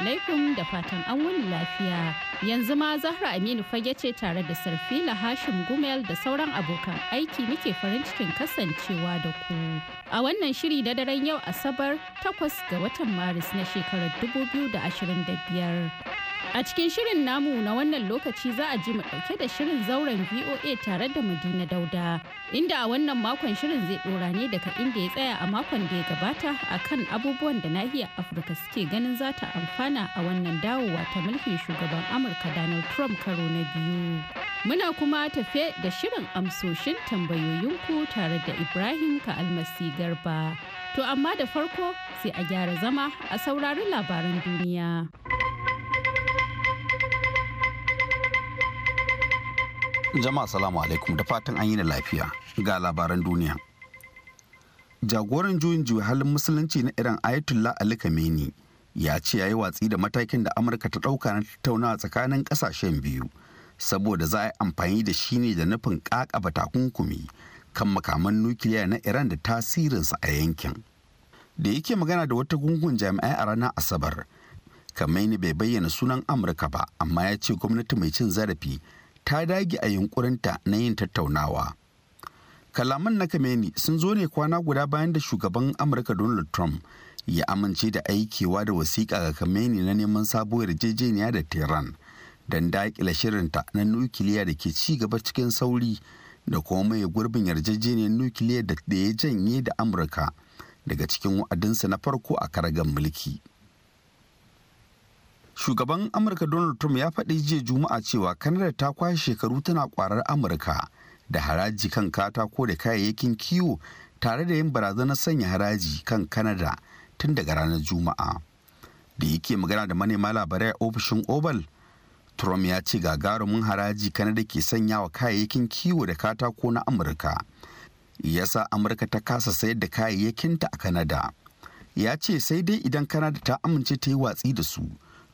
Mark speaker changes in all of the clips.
Speaker 1: alaikum da fatan an wuni lafiya. Yanzu ma Zahra Aminu fage ce tare da Sarfila Hashim Gumel da sauran abokan aiki muke farin cikin kasancewa da ku. A wannan shiri da daren yau Asabar takwas ga watan Maris na shekarar 2025. A cikin shirin namu na wannan lokaci za a ji mu ɗauke da shirin zauren VOA tare da Madina Dauda, inda a wannan makon shirin zai ɗora ne daga inda ya tsaya a makon da ya gabata a kan abubuwan da nahiyar Afirka suke ganin za ta amfana a wannan dawowa ta mulkin shugaban Amurka Donald Trump karo na biyu. Muna kuma tafe da shirin amsoshin tambayoyinku tare da Ibrahim ka almasi Garba. To amma da farko sai a gyara zama a saurari labaran duniya.
Speaker 2: Jama'a salamu alaikum da fatan an yi da lafiya ga labaran duniya. Jagoran juyin juya halin musulunci na Iran Ayatollah Ali Khamenei ya ce ya yi watsi da matakin da Amurka ta ɗauka na tattaunawa tsakanin ƙasashen biyu saboda za a yi amfani da shi ne da nufin ƙaƙaba takunkumi kan makaman nukiliya na Iran da tasirinsa a yankin. Da yake magana da wata gungun jami'ai a ranar Asabar, Khamenei bai bayyana sunan Amurka ba amma ya ce gwamnati mai cin zarafi ta dage a yunkurinta na yin tattaunawa. Kalaman na Kameni sun zo ne kwana guda bayan da shugaban Amurka Donald Trump ya amince da aikewa da wasiƙa ga Kameni na neman sabuwar yarjejeniya da Tehran don daƙila shirinta na nukiliya da ke ci gaba cikin sauri da kuma mai gurbin yarjejeniyar nukiliya da ya janye da Amurka daga cikin wa'adinsa na farko a karagan mulki. shugaban amurka donald trump ya faɗi jiya juma'a cewa kanada ta kwashe shekaru tana kwarar amurka da haraji kan katako da kayayyakin kiwo tare da yin barazanar sanya haraji kan kanada tun daga ranar juma'a da yake magana da manema labarai a ofishin oval trump ya ce gagarumin haraji kanada ke sanya wa kayayyakin kiwo da katako na amurka Ya sa amurka ta kasa sayar da kayayyakinta a kanada ya ce sai dai idan kanada ta amince ta yi watsi da su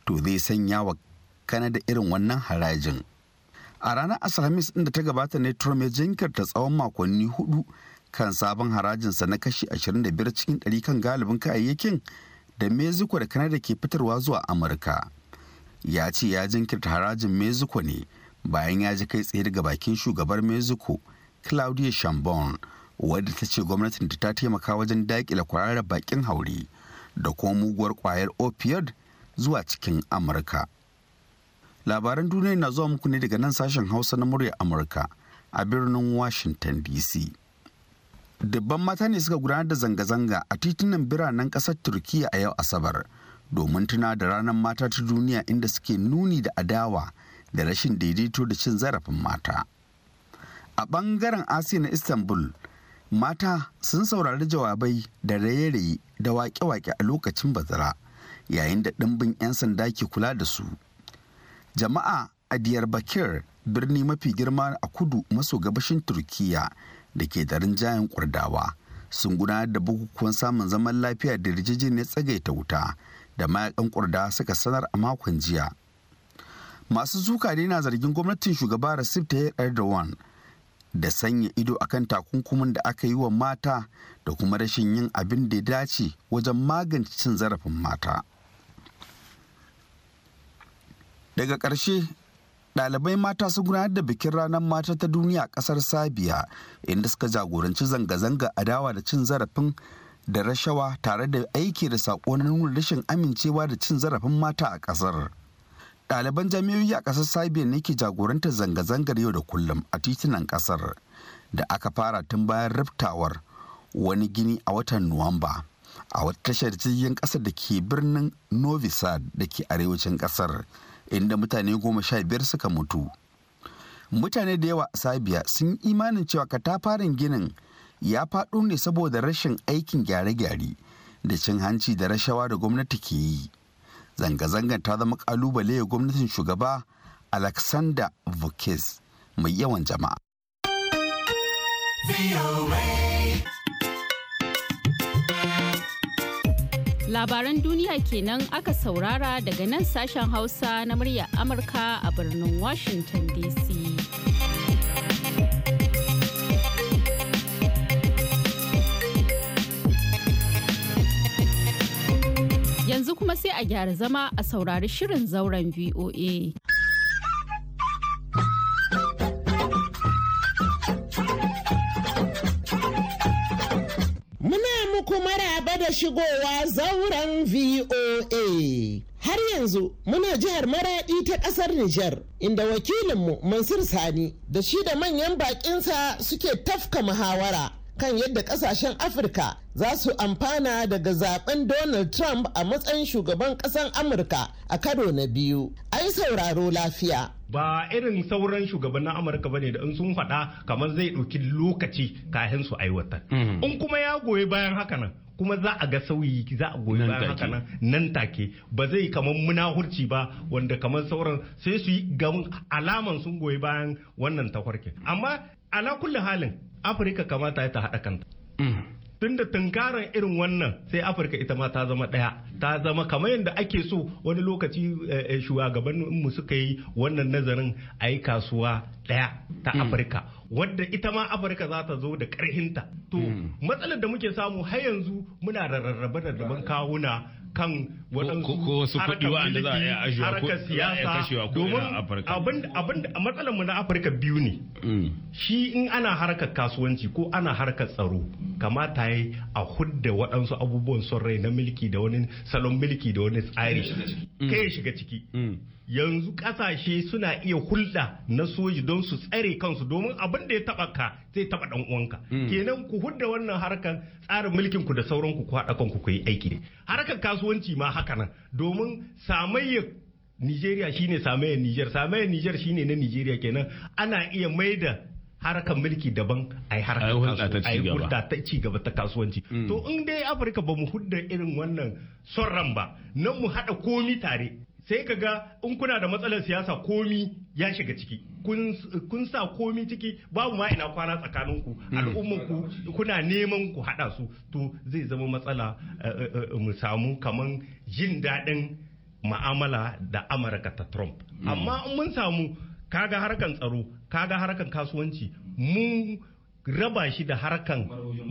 Speaker 2: to zai sanya wa kanada irin wannan harajin a ranar alhamis inda ta gabata ne trump ya jinkirta tsawon makonni hudu kan sabon harajinsa na kashi 25 cikin 100 kan galibin kayayyakin da mexico da kanada ke fitarwa zuwa amurka ya ce ya jinkirta harajin mexico ne bayan ya ji kai tsaye daga bakin shugabar mexico claudia shambon wadda ta ce gwamnatin ta taimaka wajen dakile kwararar bakin haure da kuma muguwar kwayar opioid zuwa cikin Amurka. Labaran duniya na zuwa muku ne daga nan sashen Hausa na murya Amurka a birnin Washington DC. Dabban mata ne suka gudanar da zanga-zanga a titunan biranen ƙasar Turkiyya a yau Asabar domin tuna da ranar mata ta duniya inda suke nuni da adawa da rashin daidaito da cin zarafin mata. A ɓangaren Asiya na Istanbul, mata sun saurari jawabai da raye-raye da waƙe-waƙe a lokacin bazara yayin da ɗimbin 'yan sanda ke kula da su jama'a a Diyar Bakir birni mafi girma a kudu maso gabashin turkiyya da ke da rinjayen kurdawa sun gudanar da bukukuwan samun zaman lafiya da yarjejeniyar tsagaita wuta da mayakan ƙurda suka sanar a makon jiya masu suka ne na zargin gwamnatin shugaba Recep Tayyip Erdogan da sanya ido akan takunkumin da aka yi wa mata da kuma rashin yin abin da ya dace wajen magance cin zarafin mata. daga ƙarshe ɗalibai mata sun gudanar da bikin ranar mata ta duniya a ƙasar sabiya inda suka jagoranci zanga-zanga adawa da cin zarafin da rashawa tare da aiki da saƙo na nuna rashin amincewa da cin zarafin mata a ƙasar ɗaliban jami'o'i a ƙasar sabiya ne ke jagorantar zanga-zangar yau da kullum a titunan ƙasar da aka fara tun bayan raftawar wani gini a watan nuwamba a wata tashar jirgin ƙasar da ke birnin novi sad da ke arewacin ƙasar inda mutane goma sha biyar suka mutu mutane da yawa a sabiya sun yi imanin cewa katafaren ginin ya faɗo ne saboda rashin aikin gyare-gyare da cin hanci da rashawa da gwamnati ke yi zanga-zangar ta zama ƙalubale ga gwamnatin shugaba alexander vukes mai yawan jama'a
Speaker 1: Labaran duniya kenan aka saurara daga nan sashen Hausa na muryar Amurka a birnin Washington DC. Yanzu kuma sai a gyara zama a saurari shirin zauren VOA.
Speaker 2: muku maraba da shigowa zauren VOA. Har yanzu muna jihar Maraɗi ta ƙasar Nijar, inda wakilinmu Mansur Sani da shi da manyan baƙinsa suke tafka muhawara. kan yadda kasashen afirka za su amfana daga zaben donald trump a matsayin shugaban kasan amurka a karo na biyu ai sauraro lafiya
Speaker 3: ba irin sauran shugabannin amurka bane da in sun faɗa kamar zai ɗauki lokaci kafin su aiwatar hmm. in kuma ya goyi bayan haka nan kuma za a ga sauyi za a goyi bayan haka nan nan take ba zai kamar munahurci ba wanda kamar sauran sai su yi alaman sun goyi bayan wannan takwarkin amma ala kulli halin afirka kamata ya ta haɗa kanta mm. tunda tunkaran irin wannan sai afirka ita ma ta zama ɗaya. ta zama kamar yadda ake so wani lokaci eh, eh, mu suka yi wannan nazarin a yi kasuwa ɗaya ta mm. afirka wadda ita ma afirka za ta zo da ƙarhinta. to mm. matsalar da muke samu har yanzu muna da rarrabe kawuna kan waɗansu harkar siyasa domin abin mu na afirka biyu ne mm. shi in ana harkar kasuwanci ko ana harkar tsaro kamata yayi a hudda waɗansu abubuwan son rai na milki da wani salon milki da wani tsari kai ya shiga ciki yanzu kasashe suna iya hulɗa na soji don su tsare kansu domin abin da ya taba ka zai taba dan uwanka hmm. kenan ku hudda wannan harkar tsarin mulkin ku da sauran ku ku haɗa ku yi aiki ne harkar kasuwanci ma haka nan domin samayya Nigeria shine samayyar Niger samayyar Niger shine na Nigeria kenan ana iya maida harkar mulki daban a yi harkar ta ci gaba ta kasuwanci. Hmm. To in dai Afirka ba mu hudda irin wannan son ran ba, nan mu haɗa komi tare sai ka ga in kuna da matsalar siyasa komi ya shiga ciki kun sa komi ciki babu ma ina kwana tsakaninku hmm. al'ummanku kuna neman ku haɗa su to zai zama matsala eh, eh, eh, mu samu kaman jin daɗin ma'amala da amurka ta trump hmm. amma mun samu kaga harkan tsaro kaga harkan kasuwanci mu raba shi da harkan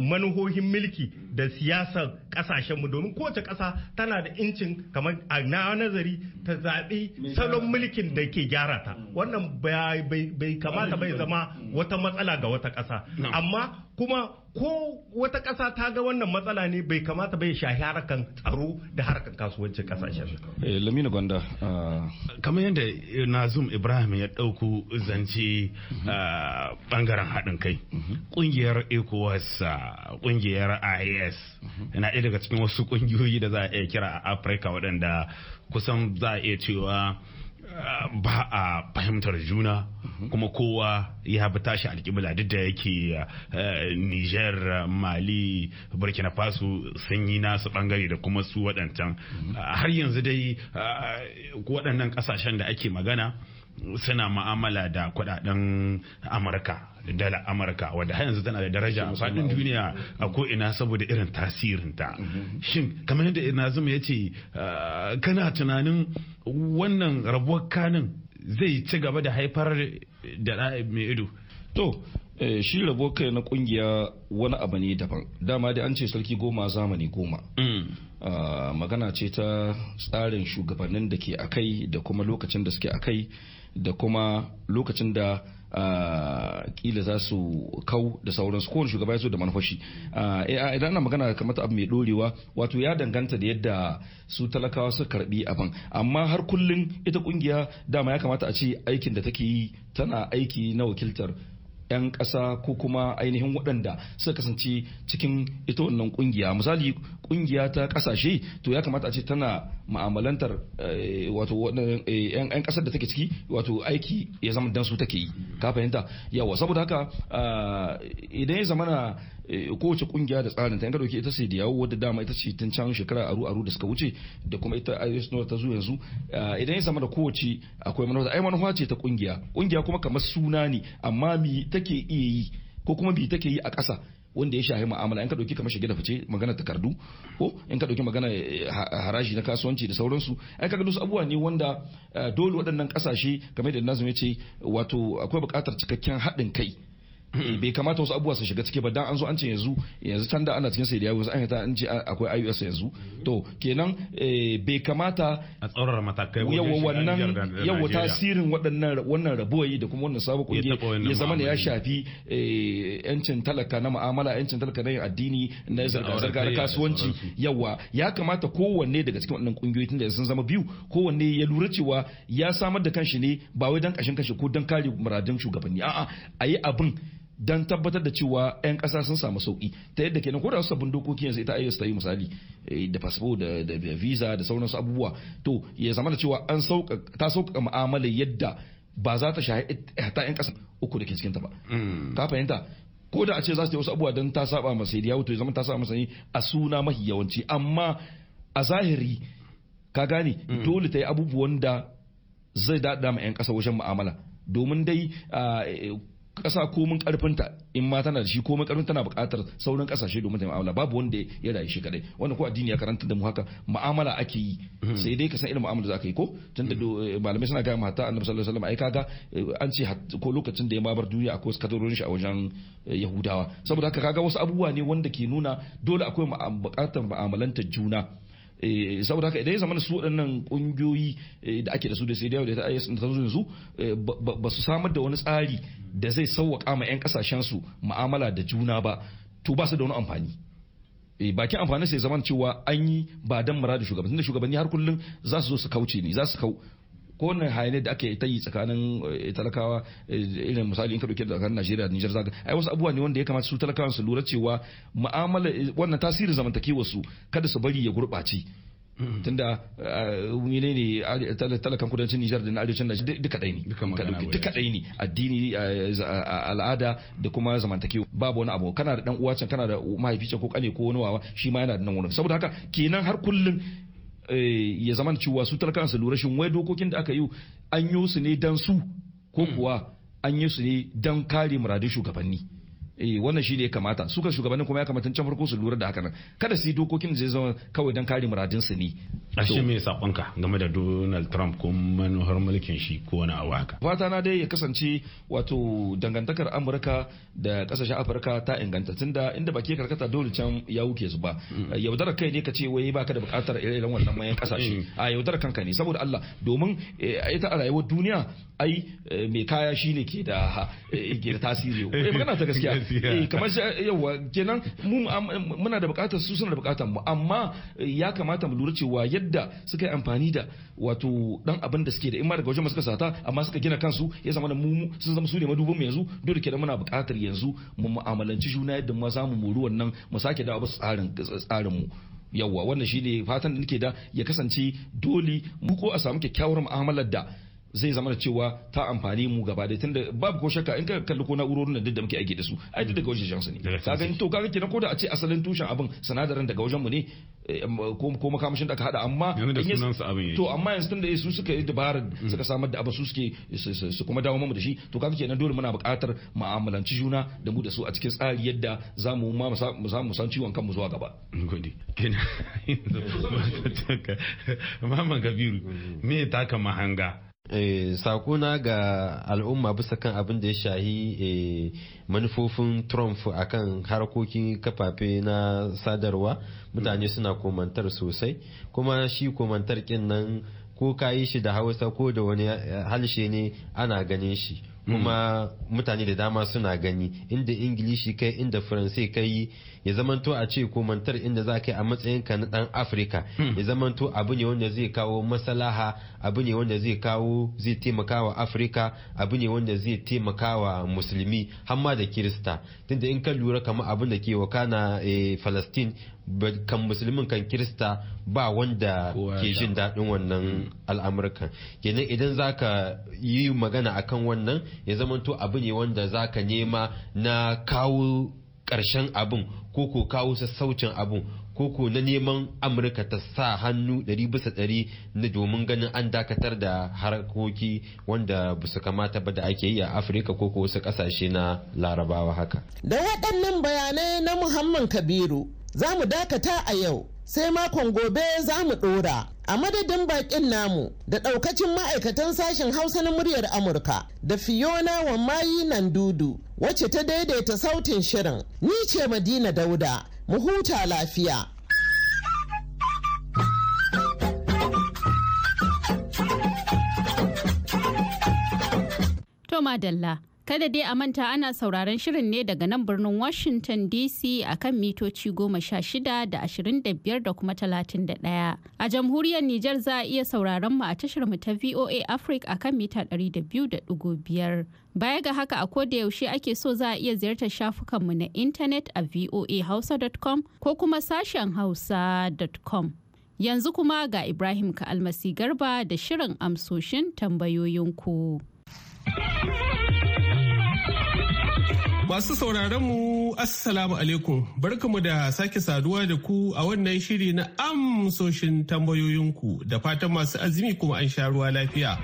Speaker 3: manuhohin mulki da siyasar kasashenmu domin kowace ƙasa tana da incin kamar a na nazari ta zaɓi salon mulkin da ke gyara ta wannan bai kamata bai zama wata matsala ga wata ƙasa amma kuma ko wata ƙasa ta ga wannan matsala ne bai kamata bai shahi harkan tsaro da harkan kasuwancin kasashen eh, lamina gwanda ah. kamar yadda nazum ibrahim ya ɗauku zance mhm. ah, ɓangaren haɗin kai mhm. ƙungiyar ecowas ah, ƙungiyar ias mhm. yana ɗaya daga cikin wasu ƙungiyoyi da za a iya kira a afirka waɗanda kusan za a iya cewa ba a fahimtar juna kuma kowa ya bi tashi alƙibla duk da yake eh, niger mali burkina faso sun yi nasu bangare da kuma su waɗancan har yanzu dai eh, waɗannan ƙasashen da ake magana suna ma'amala da kudaden amurka da dala amurka wadda har yanzu tana da daraja a faɗin duniya a ko'ina saboda irin tasirinta mhm. shin kamar yadda nazim ya ce
Speaker 4: ah, kana tunanin wannan rabuwar kanin zai ci gaba da haifar da mai ido to eh, shi rabuwar kai na kungiya wani abu ne daban dama dai an ce sarki goma zamani goma mm. ah, magana ce ta tsarin shugabannin da ke akai da kuma lokacin da suke akai da kuma lokacin da ah, kila za su kau da sauransu kowane shugaba ya zo da manufashi ah, eh, ah, idan ana magana kamata abu mai dorewa wato ya danganta da yadda su talakawa su karbi abin amma har kullum ita kungiya dama ya kamata a ce aikin da take yi tana aiki na wakiltar 'yan ƙasa ko kuma ainihin waɗanda suka kasance cikin ita wannan ƙungiya misali ƙungiya ta ƙasashe to ya kamata a ce tana ma'amalantar eh, wato eh, 'yan ƙasar da take ciki wato aiki ya zama dan su take yi ka fahimta yawa saboda haka ah, idan ya zamana Eh, kowace kungiya da tsarin ta in ita sai yawo wadda dama ita ce tun can shekara aru aru da suka wuce da kuma ita iOS Nord ta zo yanzu eh, idan ya sama da kowace akwai manufa ai manufa ce ta kungiya kungiya kuma kamar suna ne amma mi take iya yi ko kuma bi take yi a ƙasa wanda ya shahi mu'amala in ka dauki kamar shige da fice magana takardu ko in ka dauki magana eh, haraji na kasuwanci da sauransu ai kaga dusu abubuwa ne wanda dole waɗannan ƙasashe kamar da nazumi ya ce wato akwai buƙatar cikakken haɗin kai bai kamata wasu abubuwa su shiga ciki ba dan an zo an ce yanzu yanzu can da ana cikin sai da yawo an ta an ce akwai IUS yanzu to kenan eh, bai kamata a tsaurara matakai yawa wannan yawa tasirin waɗannan wannan rabuwayi da kuma wannan sabon kungiya ya zama ne ya shafi yancin eh, talaka na mu'amala yancin talaka na addini na zarga zarga na kasuwanci yawa ya kamata kowanne daga cikin wannan kungiyoyi da sun zama biyu kowanne ya lura cewa ya samar da kanshi ne ba wai dan kashin kashi ko dan kare muradun shugabanni a'a yi abin don tabbatar da cewa 'yan ƙasa sun samu sauƙi ta yadda kenan ko da sabbin dokoki yanzu ita IOS ta yi misali eh, da fasfo da visa da sauran su abubuwa to ya zama da cewa an ta sauƙaƙa mu'amala yadda ba za ta shahi ta 'yan ƙasa uku da ke cikinta ba mm. ka fahimta ko da a ce za su yi wasu abubuwa don ta saba masa ya wuto ya zama ta saba masa ne a suna mahi yawanci amma a zahiri ka gane mm. dole ta yi abubuwan da zai daɗa ma 'yan ƙasa wajen mu'amala domin dai ah, eh, ƙasa komin ta in ma tana da shi komin ƙarfin tana buƙatar sauran kasashe domin ta mu'amala babu wanda ya rayu shi kadai wanda ko addini ya karanta da mu haka mu'amala ake yi hmm. sai dai ka san irin mu'amala za ka yi ko tunda hmm. eh, malamai suna gaya mata annabi sallallahu alaihi wasallam ai kaga eh, an ce ko lokacin da ya ma bar duniya akwai wasu kadarorin shi a wajen eh, yahudawa saboda haka kaga wasu abubuwa ne wanda ke nuna dole akwai buƙatar ma'amalanta juna Eh, saboda haka idan ya zama su waɗannan ƙungiyoyi eh, da ake da su da sai da ta IS ta zo yanzu eh, ba su samar da wani tsari da zai sauwaƙa ma 'yan kasashen su mu'amala da juna ba to ba su da wani amfani bakin amfanin sai zaman cewa an yi ba dan da shugabanni da shugabanni har kullum za su zo su kauce ne za su kau Ko wannan hayaniyar da ake ta yi tsakanin eh, talakawa eh, irin misali in ka dauke da tsakanin Najeriya da Niger zaka ai wasu abubuwa ne wanda ya kamata su talakawan su lura cewa mu'amala eh, wannan tasirin zamantakewar su kada su bari ya gurɓace hmm. tunda mene ne talakan kudancin Nijar da arewacin Najeriya duka ɗai ne duka ɗai ne addini al'ada da kuma zamantakewa babu wani abu kana da dan uwa can kana da mahaifi can ko kane ko wani wawa shi ma yana da nan wurin saboda haka kenan har kullun Eh, ya zama cewa su talakawa su lura shin wai dokokin da aka yi an yi su ne dan su ko hmm. kuwa an yi su ne dan kare muradun shugabanni eh wannan shi ne ya kamata su kan shugabannin kuma ya kamata can farko su lura da haka nan kada su yi dokokin da zai zama kawai don kare muradin su ne
Speaker 3: ashe me ka. game da Donald Trump ko manuhar mulkin shi ko wani abu haka
Speaker 4: fata na dai ya kasance wato dangantakar Amurka da kasashen Afirka ta inganta tunda inda baki karkata dole can ya wuke su ba mm. eh, yaudar kai ne ka ce wai baka da bukatar irin wannan mayan kasashe mm. a yaudara kanka ne saboda Allah domin eh, ita a rayuwar duniya ai eh, mai kaya shine ke da tasiri magana ta gaskiya eh kamar eh, yawa kenan mu muna da bukatar su suna da bukatar mu amma eh, ya kamata mu lura cewa yadda suka yi amfani da wato dan abin da suke da in ma daga wajen suka sata amma suka gina kansu ya zama da mu sun zama su ne madubin mu yanzu dole kenan muna bukatar yanzu mu mu'amalanci juna yadda mu samu mu ruwan nan mu sake dawo basu tsarin tsarin mu yawwa wannan shine fatan da nake da ya kasance dole mu ko a samu kyakkyawar mu'amalar da zai zama da cewa ta amfani mu gaba da tunda babu ko shakka in ka kalli ko na'urorin da muke aiki da su ai duk daga wajen jansu ne gani to kaga kenan ko da a ce asalin tushen abin sinadarin daga wajen mu ne ko makamashin da aka hada amma to amma yanzu tunda su suka yi dabara mm. suka samar da abin su suke su kuma dawo mu da shi to kaga kenan dole muna buƙatar mu'amalanci juna da mu da su a cikin tsari yadda za mu ma mu san ciwon kanmu zuwa gaba gode kenan maman kabiru me kama hanga? Eh, sakona ga
Speaker 5: al'umma bisa kan abin da ya shahi eh, manufofin trump akan harkokin kafafe na sadarwa mutane suna komantar sosai kuma shi komantar kin nan ko ka yi shi da hausa ko da wani eh, halshe ne ana ganin shi kuma mutane da dama suna gani inda ingilishi kai inda faransai kai ya zamanto a ce mantar inda za ka yi a matsayinka na dan afirka hmm. ya zamanto abu ne wanda zai kawo masalaha abu ne wanda zai kawo zai taimaka wa afirka abu ne wanda zai taimaka wa musulmi hamma da kirista tunda in ka lura kamar abin da ke wakana eh, falastin kan musulmin kan kirista ba wanda ke jin daɗin wannan mm. al'amurkan kenan idan za ka yi magana akan wannan ya zamanto abu ne wanda za ka nema na kawo ƙarshen abin ko ko kawo sassaucin abin ko na neman amurka ta sa hannu 100 bisa 100 na domin ganin an dakatar da harkoki wanda ba su kamata ba da ake yi a afirka ko wasu kasashe na larabawa haka
Speaker 2: da waɗannan bayanai na muhammad kabiru za mu dakata a yau sai makon gobe za mu ɗora a madadin bakin namu da ɗaukacin ma'aikatan sashen hausa na muryar amurka da fiona mayi nan dudu wacce ta daidaita sautin shirin ni ce madina dauda mu huta lafiya
Speaker 1: to madalla Kada dai a manta ana sauraron shirin ne daga nan birnin Washington DC a kan mitoci goma sha shida da ashirin da biyar da kuma talatin da ɗaya. A jamhuriyar Nijar za a iya sauraron mu a tashar mu ta VOA Africa a kan mita ɗari da biyu da ɗigo biyar. Baya ga haka a da yaushe ake so za a iya ziyartar shafukanmu na intanet a voahausa.com ko kuma sashen hausa.com. Yanzu kuma ga Ibrahim ka Almasi Garba da shirin amsoshin tambayoyinku.
Speaker 6: Masu sauraron mu Assalamu alaikum barkamu da sake saduwa da ku a wannan shiri na amsoshin tambayoyinku da fatan masu azumi kuma an sha ruwa lafiya.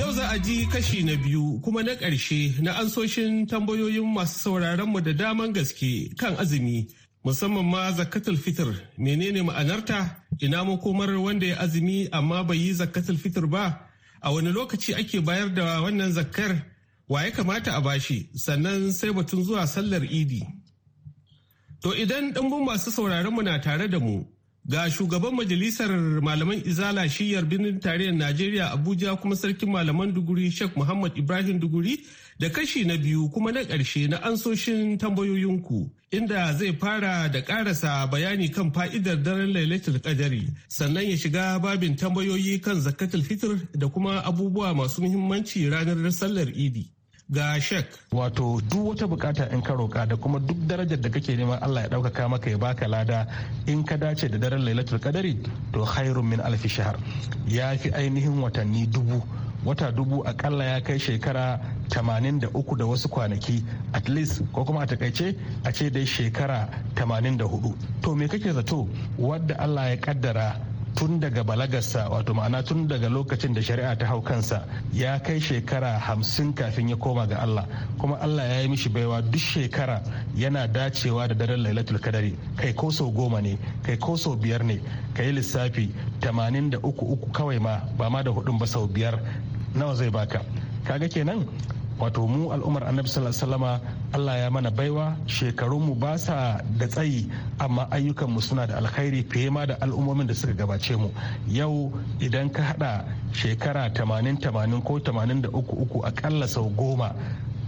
Speaker 6: Yau za a ji kashi na biyu kuma na ƙarshe na ansoshin tambayoyin masu sauraron mu da daman gaske kan azumi musamman ma zakatul fitr menene ma'anarta ina makomar wanda ya azumi amma bai yi zakatul fitr ba a wani lokaci ake bayar da wannan zakkar wa ya kamata a bashi sannan sai batun zuwa sallar idi. To idan ɗangun masu sauraron mu na tare da mu ga shugaban majalisar malaman izala shiyar birnin tarayyar Najeriya Abuja kuma sarkin malaman duguri Sheikh Muhammad Ibrahim duguri da kashi na biyu kuma na ƙarshe na ansoshin tambayoyinku inda zai fara da ƙarasa bayani kan fa'idar daren lailatul qadari sannan ya shiga babin tambayoyi kan zakatul fitr da kuma abubuwa masu
Speaker 7: muhimmanci ranar sallar idi. ga shek wato duk wata bukata in ka roka da kuma duk darajar da kake neman Allah ya ɗaukaka maka ya baka lada in ka dace da daren lailatul kadari to khairun min alfi shahr ya fi ainihin watanni dubu wata dubu akalla ya kai shekara 83 da wasu kwanaki at least ko kuma a takaice a ce dai shekara 84 to me kake zato wadda Allah ya kaddara tun daga balagarsa wato ma'ana tun daga lokacin da shari'a ta hau kansa ya kai shekara hamsin kafin ya koma ga Allah kuma Allah ya yi mishi baiwa duk shekara yana dacewa da daren lailatul kadari kai ko sau goma ne kai ko sau biyar ne kai lissafi tamanin da uku uku kawai ma ba ma da hudun ba sau biyar nawa zai baka kaga kenan wato mu al'umar annabi sallallahu Allah ya mana baiwa shekarunmu ba sa da tsayi amma ayyukan mu suna da alkhairi fiye ma da al'ummomin da suka gabace mu yau idan ka hada shekara 80-80 ko 83 akalla sau goma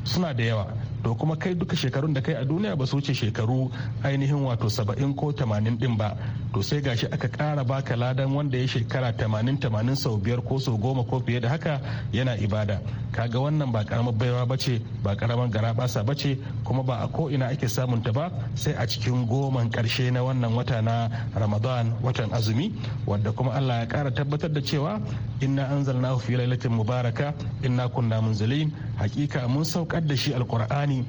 Speaker 7: suna da yawa to kuma kai duka shekarun da kai a duniya ba su wuce shekaru ainihin wato 70 ko 80 din ba to sai gashi aka kara baka ladan wanda ya shekara 80 tamanin sau biyar ko sau goma ko fiye da haka yana ibada kaga wannan ba karamar baiwa ba ce ba karamar garabasa ba ce kuma ba a ko ina ake samun ta ba sai a cikin goman karshe na wannan wata na ramadan watan azumi wanda kuma allah ya kara tabbatar da cewa inna anzalna fi lailatin mubaraka inna kunna munzalin hakika mun saukar da shi alkur'ani.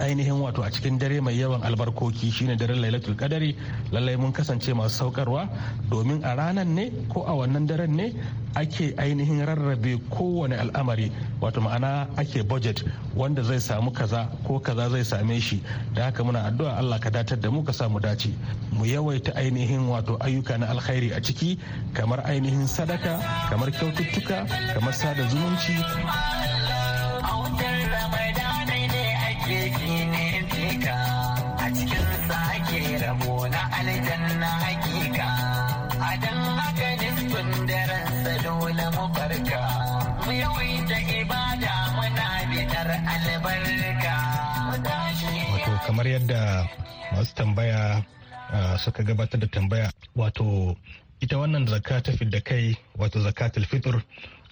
Speaker 7: ainihin wato a cikin dare mai yawan albarkoki shine daren lailatul kadari lallai mun kasance masu saukarwa domin a ranan ne ko a wannan daren ne ake ainihin rarrabe kowane al'amari wato ma'ana ake budget wanda zai samu kaza ko kaza zai same shi da haka muna addu'a Allah ka datar da mu ka samu dace mu yawaita ainihin wato ayyuka na alkhairi a ciki kamar ainihin sadaka kamar kyaututtuka kamar sada zumunci wato kamar yadda masu tambaya ah, suka gabatar da tambaya wato ita wannan zakka ta fidda kai wato zakatul fitr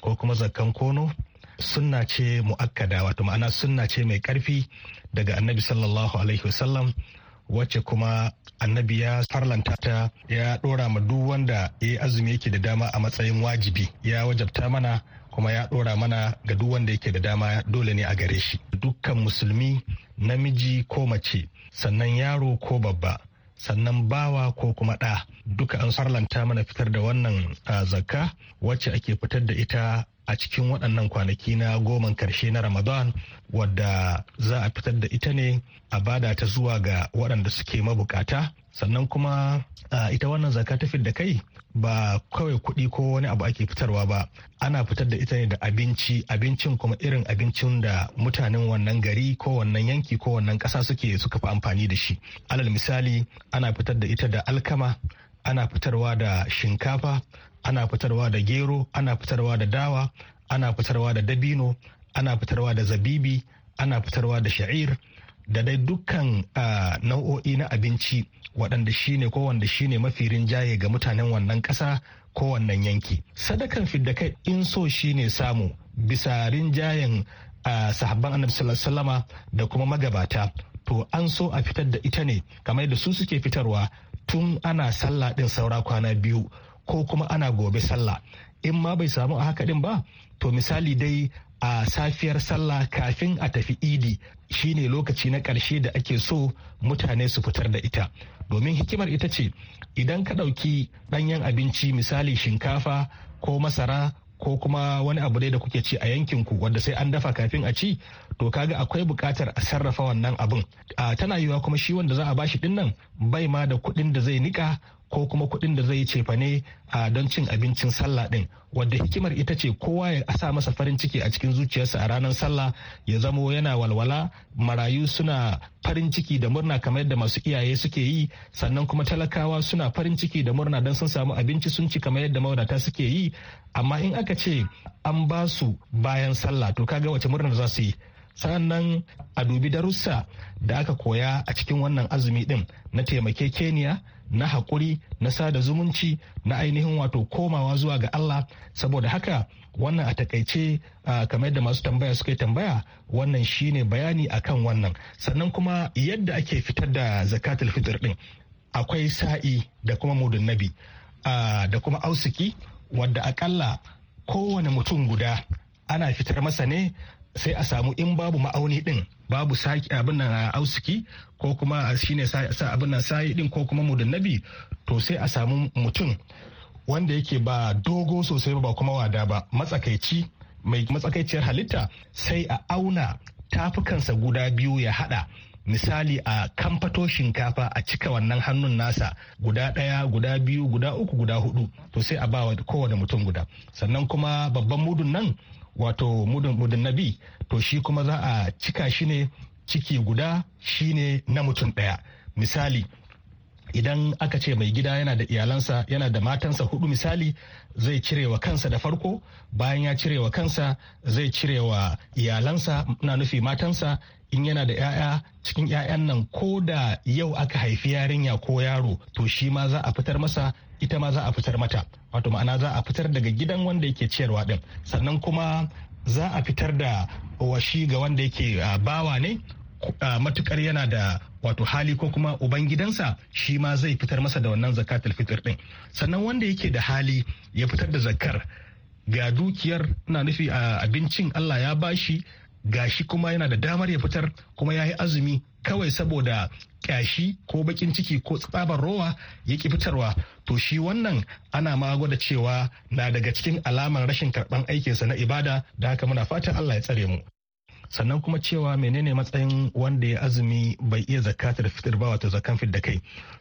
Speaker 7: ko kuma zakkan kono sunna ce mu'akkada wato ma'ana sunna ce mai karfi daga annabi sallallahu alaihi wasallam wacce kuma annabi ya farlanta ta ya dora ma duk wanda ya azumi yake da dama a matsayin wajibi ya wajabta mana kuma ya ɗora mana ga duk wanda yake da dama dole ne a gare shi dukkan musulmi namiji ko mace sannan yaro ko babba sannan bawa ko kuma ɗa duka an sarlanta mana fitar da wannan zakka wacce ake fitar da ita a cikin waɗannan kwanaki na goman karshe na ramadan wadda za a fitar da ita ne a bada ta zuwa ga waɗanda suke mabukata sannan kuma ita wannan zakka ta da kai ba kawai kuɗi ko wani abu ake fitarwa ba ana fitar da ita ne da abinci abincin kuma irin abincin da mutanen wannan gari ko wannan yanki ko wannan ƙasa suke suka fi amfani da shi alal misali ana fitar da ita da alkama ana fitarwa da shinkafa ana fitarwa da gero ana fitarwa da dawa ana fitarwa da dabino ana fitarwa da zabibi ana fitarwa da sha'ir da dai dukkan nau'o'i na abinci waɗanda shine ko wanda shine mafi rinjaye ga mutanen wannan ƙasa ko wannan yanki sadakan fidda kai in so shine samu bisa rinjayen sahabban annabi sallallahu da kuma magabata to an so a fitar da ita ne kamar da su suke fitarwa tun ana sallah din saura kwana biyu ko kuma ana gobe sallah in ma bai samu a haka din ba to misali dai a safiyar sallah kafin a tafi idi shine lokaci na ƙarshe da ake so mutane su fitar da ita domin hikimar ita ce idan ka ɗauki ɗanyen abinci misali shinkafa ko masara ko kuma wani abu dai da kuke ci a yankinku wanda sai an dafa kafin a ci to kaga akwai buƙatar a sarrafa wannan abin tana yiwuwa kuma shi wanda za a bashi din nan bai ma da kuɗin da zai niƙa. ko kuma kuɗin da zai cefa ne a don cin abincin sallah ɗin wadda hikimar ita ce kowa ya sa masa farin ciki a cikin zuciyarsa a ranar sallah ya zamo yana walwala marayu suna farin ciki da murna kamar yadda masu iyaye suke yi sannan kuma talakawa suna farin ciki da murna don sun samu abinci sun ci kamar yadda mawadata suke yi amma in aka ce an ba su bayan sallah to kaga wace murna za su yi sannan a dubi darussa da aka koya a cikin wannan azumi din na taimake keniya na haƙuri na sada zumunci na ainihin wato komawa zuwa ga Allah saboda haka wannan a takaice kamar da masu tambaya suka yi tambaya wannan shine bayani akan wannan sannan kuma yadda ake fitar da zakatul fitr din akwai sa'i da kuma mudun nabi da kuma ausiki wadda akalla kowane mutum guda ana fitar masa ne sai a samu in babu ma'auni din babu saki abin nan ausiki ko kuma shine sa abin nan sayi din ko kuma mudannabi to sai a samu mutum wanda yake ba dogo sosai ba kuma wada ba matsakaici mai matsakaiciyar halitta sai a auna tafukansa guda biyu ya hada misali a kamfato shinkafa a cika wannan hannun nasa guda ɗaya guda biyu guda uku guda hudu to sai a ba kowane mutum guda sannan kuma babban mudun nan wato mudun mudun nabi to shi kuma za a cika shi ne ciki guda shi ne na mutum ɗaya misali idan aka ce mai gida yana da iyalansa yana da matansa hudu misali zai cire wa kansa da farko bayan ya cire wa kansa zai cire wa iyalansa na nufi matansa in yana da 'ya'ya cikin 'ya'yan nan ko da yau aka haifi yarinya ko yaro to shi ma za a fitar masa ita ma za a fitar mata wato ma'ana za a fitar daga gidan wanda yake ciyarwa din sannan kuma za a fitar da washi ga wanda yake bawa ne matukar yana da wato hali ko kuma ubangidansa shi ma zai fitar masa da wannan zakatul fitr din sannan wanda yake da hali ya fitar da zakar ga dukiyar na nufi abincin Allah ya bashi gashi kuma yana da damar ya fitar kuma ya yi azumi kawai saboda kyashi ko bakin ciki ko tsabar rowa ki fitarwa to shi wannan ana ma gwada cewa na daga cikin alamar rashin karban aikinsa na ibada da haka muna fatan Allah ya tsare mu sannan kuma cewa menene matsayin wanda ya azumi bai iya zakatar fitar ba wato zakan fit da kai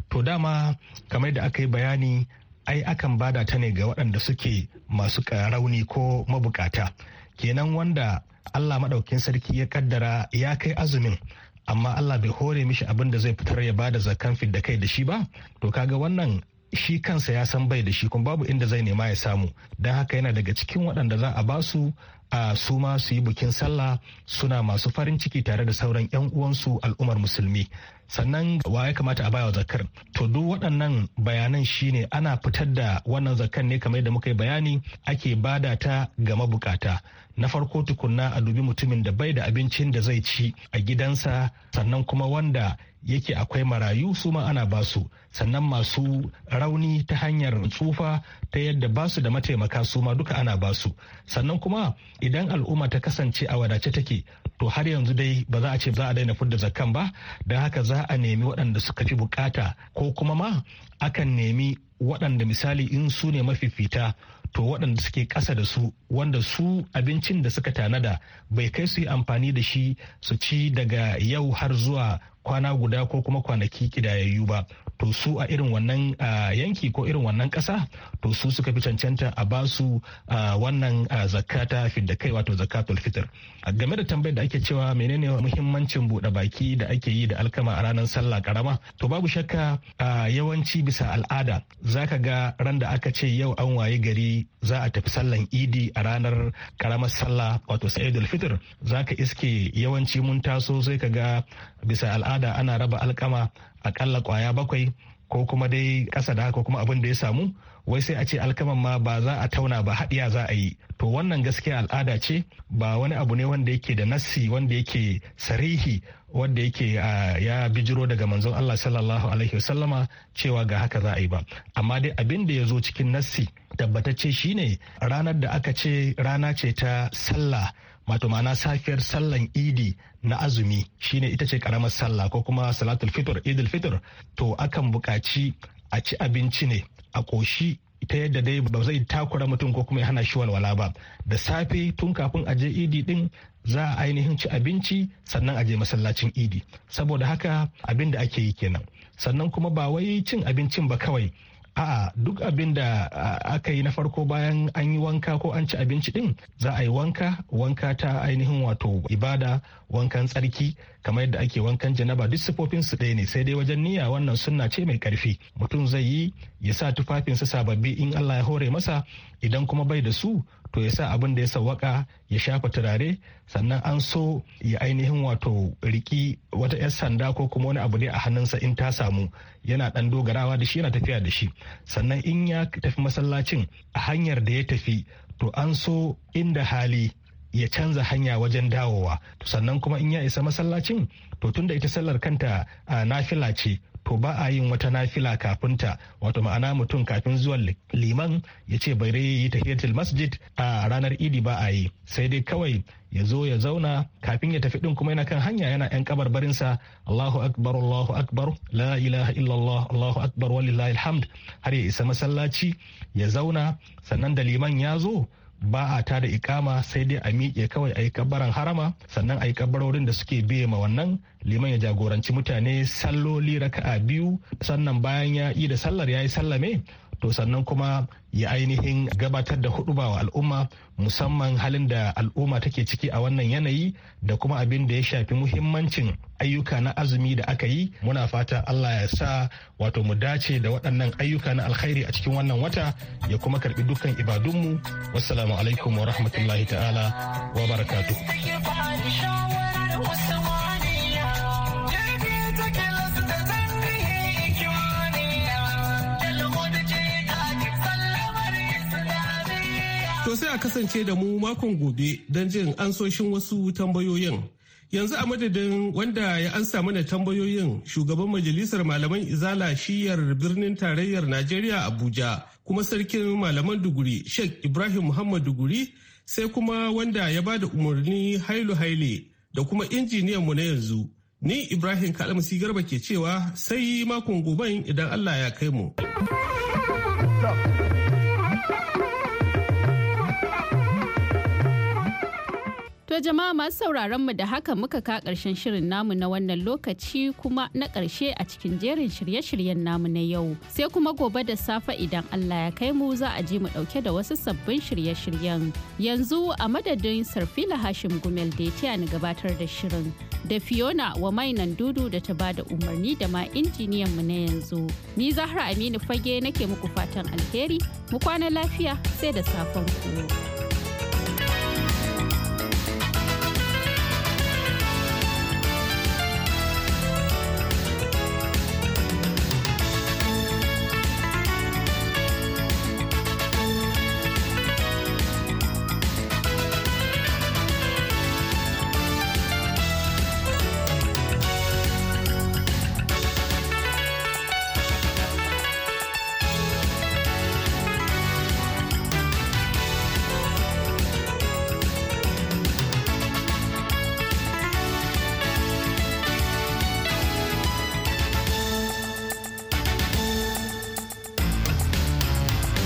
Speaker 7: to dama kamar da aka yi bayani ai akan bada ta ne ga waɗanda suke masu rauni ko mabukata kenan wanda Allah maɗaukin sarki ya kaddara ya kai azumin amma Allah bai hore mishi abin da zai fitar ya bada zakan da kai da shi ba to kaga wannan shi kansa ya san bai da shi kuma babu inda zai nema ya samu don haka yana daga cikin waɗanda za a basu a su ma su yi bukin sallah suna masu farin ciki tare da sauran 'yan uwansu al'ummar musulmi sannan wa ya kamata a bayar zakar to duk waɗannan bayanan shine ana fitar da wannan zakar ne kamar da muka yi bayani ake bada ta ga mabukata na farko tukunna a dubi mutumin da bai da abincin da zai ci a gidansa sannan kuma wanda yake akwai marayu su ma ana basu sannan masu rauni ta hanyar tsufa ta yadda basu da mataimaka su ma duka ana basu sannan kuma idan al'umma ta kasance a wadace take to har yanzu dai ba za a ce za a daina fudda zakkan ba don haka za a nemi waɗanda suka fi bukata ko kuma ma akan nemi waɗanda misali in su ne mafifita to waɗanda suke ƙasa da su wanda su abincin da suka tanada bai kai su yi amfani da shi su ci daga yau har zuwa kwana guda ko kuma kwanaki kidayayyu ba to su a irin wannan yanki ko irin wannan ƙasa to su suka fi cancanta a basu wannan zakata fidda kai wato zakatul fitr game da tambayar da ake cewa menene muhimmancin buɗe baki da ake yi da alkama a ranar sallah karama to babu shakka yawanci bisa al'ada zaka ga ran da aka ce yau an waye gari za a tafi sallan idi a ranar karamar sallah wato sa'idul fitr zaka iske yawanci mun taso sai ka ga bisa al'ada ana raba alkama akalla kwaya bakwai ko kuma dai ƙasa da haka kuma abin da ya samu wai sai a ce alkaman ma ba za a tauna ba haɗiya za a yi to wannan gaskiya al'ada ce ba wani abu ne wanda yake da nassi wanda yake sarihi wanda yake ya bijiro daga manzon Allah sallallahu alaihi wasallama cewa ga haka za a yi ba amma dai abin da ya zo cikin nassi tabbatacce shine ranar da aka ce rana ce ta sallah wato ma'ana safiyar sallan idi na azumi shine ita ce karamar sallah ko kuma salatul fitr idul fitr to akan buƙaci a ci abinci ne a ƙoshi ta yadda dai ba zai takura mutum ko kuma ya hana shi walwala ba da safe tun kafin a je idi din za a ainihin ci abinci sannan a je masallacin idi saboda haka abin da ake yi kenan sannan kuma ba wai cin abincin ba kawai a'a duk abin da aka yi na farko bayan an yi wanka ko an ci abinci din za a yi wanka wanka ta ainihin wato ibada wankan tsarki kamar yadda ake wankan janaba duk sifofin su ɗaya ne sai dai wajen niyya wannan sunna ce mai karfi mutum zai yi ya sa tufafinsa sababbi in Allah ya hore masa idan kuma bai da su to ya sa abin da ya sawaka ya shafa turare sannan an so ya ainihin wato riki wata 'yan sanda ko kuma wani abu ne a hannunsa in ta samu yana dan dogarawa da shi yana tafiya da shi sannan in ya tafi masallacin a hanyar da ya tafi to an so inda hali ya canza hanya wajen dawowa sannan kuma in ya isa masallacin to tunda ita sallar kanta a nafila ce to ba a yin wata nafila kafin ta wato ma'ana mutum kafin zuwan liman ya ce bai yi tahiyatul masjid a ranar idi ba a yi sai dai kawai ya zo ya zauna kafin ya tafi din kuma yana kan hanya yana yan barinsa Allahu akbar Allahu akbar la ilaha illallah Allahu akbar walillahi alhamd har ya isa masallaci ya zauna sannan da liman ya zo ba a ta da ikama sai dai a miƙe kawai a yi kabbaran harama sannan a yi kabbarorin da suke biye ma wannan liman ya jagoranci mutane salloli raka'a biyu sannan bayan ya yi da sallar ya yi sallame to sannan kuma ya ainihin gabatar da huduba wa al'umma musamman halin da al'umma take ciki a wannan yanayi da kuma abin da ya shafi muhimmancin ayyuka na azumi da aka yi muna fata Allah ya sa wato mu dace da waɗannan ayyuka na alkhairi a cikin wannan wata ya kuma karbi dukkan ibadunmu wassalamu alaikum wa rahmatullahi ta'ala wa barakatuh
Speaker 6: sai a kasance da mu makon gobe don jin ansoshin wasu tambayoyin. Yanzu a madadin wanda ya ansa mana tambayoyin shugaban majalisar malaman izala shiyar birnin tarayyar Najeriya Abuja kuma sarkin malaman duguri Sheikh Ibrahim Muhammad duguri sai kuma wanda ya ba da umarni hailu haile da kuma injiniyan mu na yanzu. Ni Ibrahim Kalamasi Garba ke cewa sai makon goben idan Allah ya kai mu.
Speaker 1: ga jama'a masu sauraron mu da haka muka ka ƙarshen shirin namu na wannan lokaci kuma na karshe a cikin jerin shirye-shiryen namu na yau. Sai kuma gobe da safe idan Allah ya kai mu za a ji mu ɗauke da wasu sabbin shirye-shiryen. Yanzu a madadin Sarfila Hashim Gumel da ya ni gabatar da shirin. Da Fiona wa mainan dudu da ta bada umarni da ma injiniyan mu na yanzu. Ni Zahra Aminu Fage nake muku fatan alheri, mu kwana lafiya sai da safen ku.